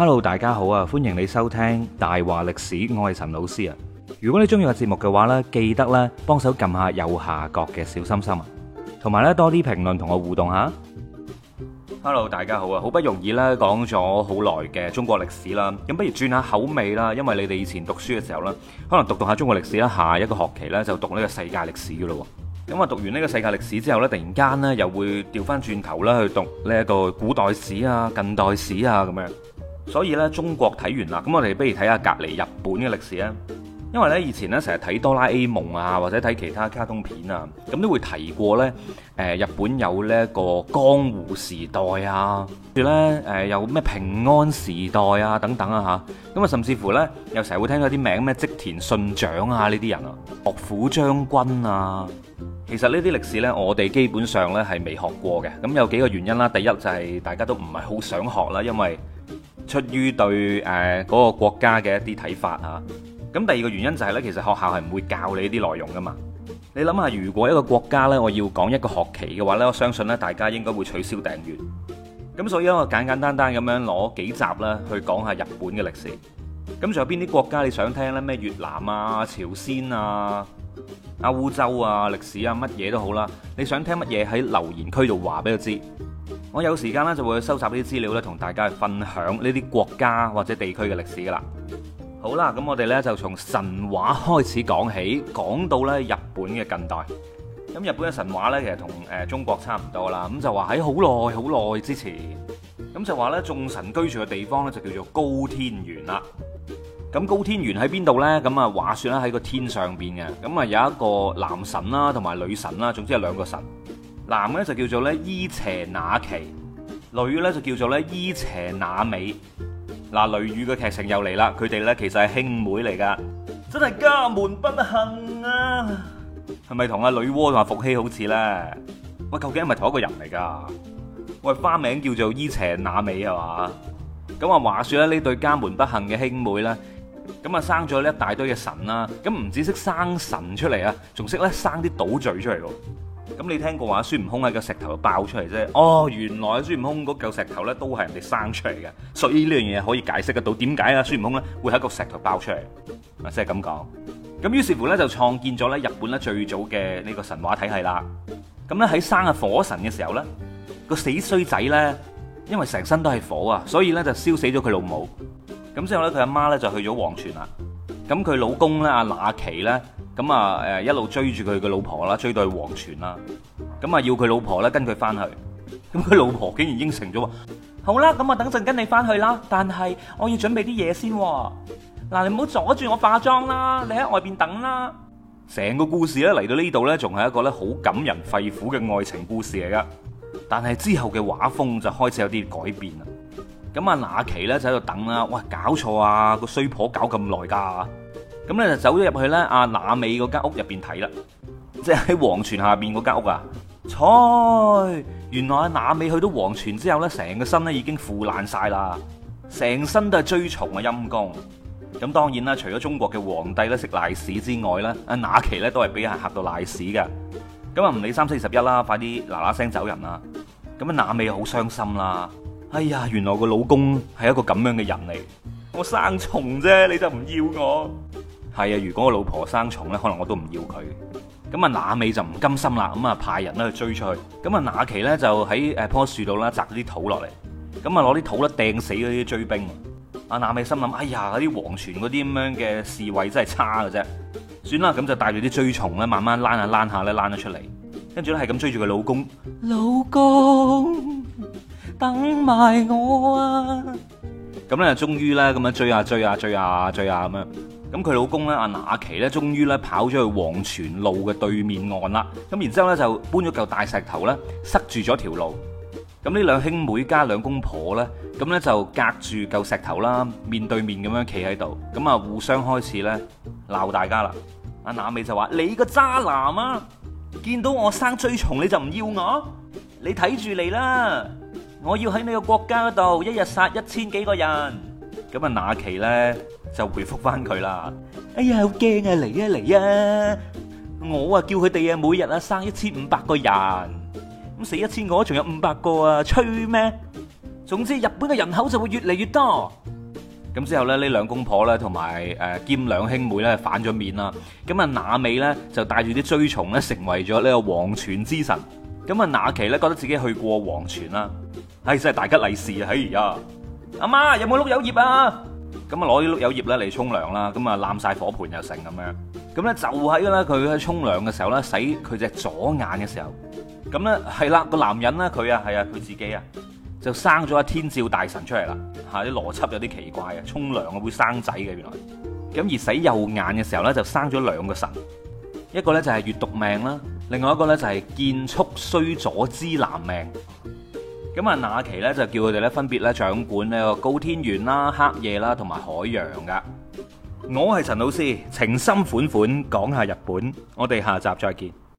hello，大家好啊！歡迎你收聽大話歷史，我係陳老師啊。如果你中意個節目嘅話呢，記得呢幫手撳下右下角嘅小心心啊，同埋呢多啲評論同我互動下。hello，大家好啊！好不容易呢講咗好耐嘅中國歷史啦，咁不如轉下口味啦，因為你哋以前讀書嘅時候呢，可能讀到下中國歷史啦，下一個學期呢就讀呢個世界歷史噶咯。咁啊，讀完呢個世界歷史之後呢，突然間呢又會掉翻轉頭啦，去讀呢一個古代史啊、近代史啊咁樣。所以呢，中國睇完啦，咁我哋不如睇下隔離日本嘅歷史咧。因為呢，以前呢，成日睇哆啦 A 夢啊，或者睇其他卡通片啊，咁都會提過呢，誒日本有呢一個江戶時代啊，跟住呢，誒有咩平安時代啊等等啊嚇。咁啊，甚至乎呢，又成日會聽到啲名咩織田信長啊呢啲人啊，幕府將軍啊。其實呢啲歷史呢，我哋基本上呢係未學過嘅。咁有幾個原因啦，啊，第一就係大家都唔係好想學啦，因為出於對誒嗰個國家嘅一啲睇法嚇，咁第二個原因就係呢，其實學校係唔會教你呢啲內容噶嘛。你諗下，如果一個國家呢，我要講一個學期嘅話呢，我相信呢，大家應該會取消訂閱。咁所以我簡簡單單咁樣攞幾集咧去講下日本嘅歷史。咁仲有邊啲國家你想聽呢？咩越南啊、朝鮮啊、澳洲啊、歷史啊乜嘢都好啦，你想聽乜嘢喺留言區度話俾佢知。我有時間咧就會收集啲資料咧，同大家去分享呢啲國家或者地區嘅歷史噶啦。好啦，咁我哋呢就從神話開始講起，講到呢日本嘅近代。咁日本嘅神話呢其實同誒中國差唔多啦。咁就話喺好耐好耐之前，咁就話呢眾神居住嘅地方呢就叫做高天原啦。咁高天原喺邊度呢？咁啊，話說咧喺個天上邊嘅。咁啊有一個男神啦，同埋女神啦，總之係兩個神。男嘅就叫做咧伊邪那岐，女嘅咧就叫做咧伊邪那美。嗱、呃，雷雨嘅劇情又嚟啦，佢哋咧其實係兄妹嚟噶，真係家門不幸啊！係咪同阿女媧同阿伏羲好似啦？喂，究竟係咪同一個人嚟噶？喂，花名叫做伊邪那美係嘛？咁、嗯、啊，話說咧呢對家門不幸嘅兄妹咧，咁啊生咗咧一大堆嘅神啦，咁唔止識生神生祖祖出嚟啊，仲識咧生啲島嶼出嚟噶。咁你聽過話孫悟空喺個石頭爆出嚟啫？哦，原來咧孫悟空嗰嚿石頭咧都係人哋生出嚟嘅，所以呢樣嘢可以解釋得到點解啊孫悟空咧會喺個石頭爆出嚟咪即係咁講。咁於是乎咧就創建咗咧日本咧最早嘅呢個神話體系啦。咁咧喺生阿火神嘅時候咧，個死衰仔咧因為成身都係火啊，所以咧就燒死咗佢老母。咁之後咧佢阿媽咧就去咗黃泉啦。咁佢老公咧阿哪岐咧。咁啊，誒，一路追住佢嘅老婆啦，追到去黃泉啦，咁啊，要佢老婆咧跟佢翻去，咁佢老婆竟然應承咗，好啦，咁啊，等陣跟你翻去啦，但係我要準備啲嘢先喎。嗱，你唔好阻住我化妝啦，你喺外邊等啦。成個故事咧嚟到呢度咧，仲係一個咧好感人肺腑嘅愛情故事嚟噶，但係之後嘅畫風就開始有啲改變啦。咁啊，那岐咧就喺度等啦，哇，搞錯啊，個衰婆搞咁耐噶。咁咧就走咗入去咧阿娜美嗰間屋入邊睇啦，即係喺黃泉下邊嗰間屋啊！彩，原來阿、啊、娜美去到黃泉之後咧，成個身咧已經腐爛晒啦，成身都係蛆蟲啊陰功。咁當然啦，除咗中國嘅皇帝咧食賴屎之外咧，阿、啊、那奇咧都係俾人嚇到賴屎嘅。咁啊唔理三四十一啦，快啲嗱嗱聲走人啦！咁阿娜美好傷心啦，哎呀，原來個老公係一個咁樣嘅人嚟，我生蟲啫，你就唔要我。係啊，如果我老婆生蟲咧，可能我都唔要佢。咁啊，那美就唔甘心啦，咁啊派人咧去追出去。咁啊，那岐咧就喺誒樖樹度咧摘咗啲土落嚟，咁啊攞啲土咧掟死嗰啲追兵。阿那美心諗，哎呀，嗰啲黃泉嗰啲咁樣嘅侍衛真係差㗎啫。算啦，咁就帶住啲追蟲咧，慢慢躝下躝下咧躝咗出嚟，跟住咧係咁追住佢老公，老公等埋我啊！咁咧，終於咧咁樣追啊追啊追啊追啊咁樣。咁佢老公咧，阿娜奇咧，終於咧跑咗去黃泉路嘅對面岸啦。咁然之後咧，就搬咗嚿大石頭咧，塞住咗條路。咁呢兩兄妹加兩公婆咧，咁咧就隔住嚿石頭啦，面對面咁樣企喺度。咁啊，互相開始咧鬧大家啦。阿娜美就話：你個渣男啊！見到我生蛆蟲你就唔要我，你睇住嚟啦！我要喺你個國家度，一日殺一千幾個人。咁啊，那岐咧就回覆翻佢啦。哎呀，好驚啊！嚟啊，嚟啊！我啊叫佢哋啊，每日啊生一千五百個人，咁死一千個，仲有五百個啊，吹咩？總之，日本嘅人口就會越嚟越多。咁之後咧，呢兩公婆咧同埋誒兼兩兄妹咧反咗面啦。咁啊，那美咧就帶住啲追隨咧成為咗呢個黃泉之神。咁啊，那岐咧覺得自己去過黃泉啦，唉，真係大吉利是啊，喺而家。阿媽有冇碌柚葉啊？咁啊攞啲碌柚葉咧嚟沖涼啦，咁啊攬晒火盆又成咁樣。咁咧就係啦，佢喺沖涼嘅時候咧，洗佢隻左眼嘅時候，咁咧係啦，個男人咧，佢啊係啊佢自己啊就生咗一天照大神出嚟啦。吓，啲邏輯有啲奇怪啊，沖涼會生仔嘅原來。咁而洗右眼嘅時候咧就生咗兩個神，一個咧就係月讀命啦，另外一個咧就係建速須佐之男命。咁啊，那奇咧就叫佢哋咧分別咧掌管呢個高天原啦、黑夜啦同埋海洋噶。我係陳老師，情深款款講下日本，我哋下集再見。